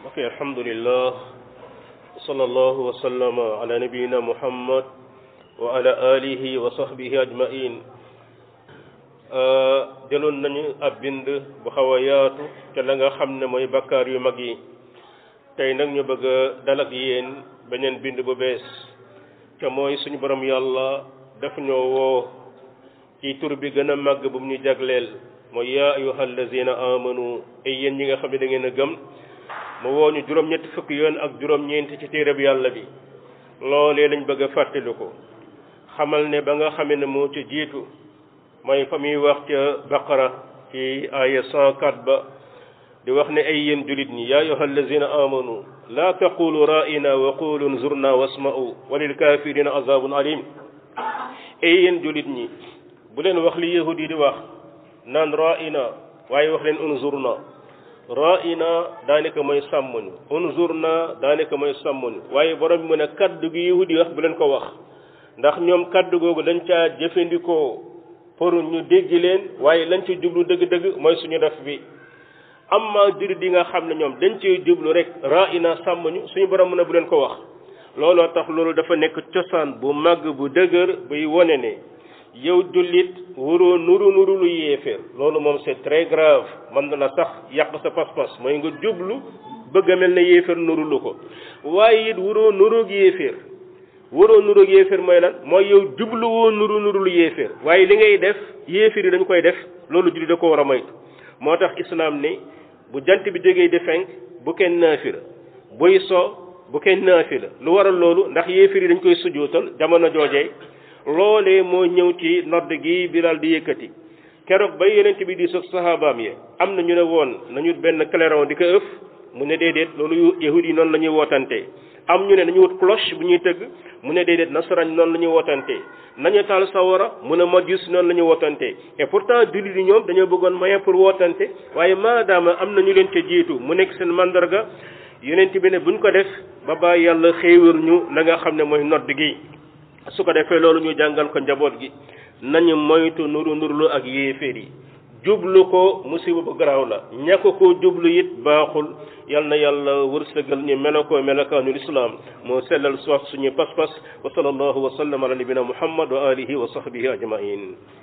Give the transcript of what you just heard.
ok alhamdulillah sallallahu wa sallama ala nabiyyina muhammad wa ala wa sahbihi ajmain euh, jëloon nañu ab bind bu xaw a la nga xam ne mooy bakkaar yu mag yi tey nag ñu bëgg a dal yéen beneen bind bu bees te mooy suñu boroom yàlla daf ñoo woo ci tur bi gën a màgg bu mu ñu jagleel mooy yaa ayyuha allazina amanu ay yéen ñi nga xam ne dangeen a gëm mu woo ñu juróom-ñetti fukki yoon ak juróom-ñeenti ci téereb yàlla bi loolee lañ bëgg a fàttaliku ko xamal ne ba nga xamee ne moo ci jiitu mooy fa muy wax ca baqara ci aaya 104 ba di wax ne ay yéen julit ñi yaa ayyuha la amanu laa taqulu ra'ina wa qulu nzurna wasma'u walil kafirina azabun alim ay yéen julit ñi bu leen wax li yahudi yi di wax naan ra'ina waaye wax leen unzurna ra'ina daanaka mooy sàmm ñu unzurna daanaka mooy sàmm ñu waaye borom mën a ne kaddu gi yahudi wax bu leen ko wax ndax ñoom kaddu googu dañ caa jëfandikoo pour ñu dégg leen waaye lañ ci jublu dëgg-dëgg mooy suñu def bi amma juri di nga xam ne ñoom dañ ci jublu rek ra'ina sàmm ñu suñu borom mu ne bu leen ko wax looloo tax loolu dafa nekk cosaan bu màgg bu dëgër buy wone ne yow jullit waroo nuru nuru lu yéeféer loolu moom c'est très grave na la sax yàq sa pas-pas mooy nga jublu bëgg mel na yéeféer nuru lu ko waaye it waroo nuroog yéeféer waroo nuroog yéeféer mooy lan mooy yow jublu nuru nuru lu yéeféer waaye li ngay def yéeféer yi dañ koy def loolu jullit da ko war a moytu moo tax islaam ni bu jant bi jógee di fenk bu kenn naafila buy so bu kenn naafila lu waral loolu ndax yéeféer yi dañ koy sujootal jamono joojee loolee moo ñëw ci nodd gi Bilaal di yëkkati keroog ba yenent bi di soog sahabaam yi am na ñu ne woon nañu benn clairon di ko ëf mu ne déedéet loolu yahud yi noonu la ñuy wootante am ñu ne nañu wut cloche bu ñuy tëgg mu ne déedéet nasaraan noonu la ñuy wootante nañu taal sawara mu ne majus noonu la ñuy wootante et pourtant yi ñoom dañoo bëggoon moyen pour wootante waaye maadaama am na ñu leen ca jiitu mu nekk seen mandarga yenent bi ne buñ ko def ba bàyyi yàlla xéewal ñu la nga xam ne mooy nodd gi su ko defee loolu ñu jàngal ko njaboot gi nañu moytu nuru nurlu ak yéeféer yi jublu ko musiba bu garaaw la ñàkk ko jublu it baaxul yal na yàlla wërsëgal ñu melokoo melokaanu lislaam moo sellal sox suñu pas-pas wa sallallahu wa sallam ala nabina muhammad wa alihi wa sahbihi ajmain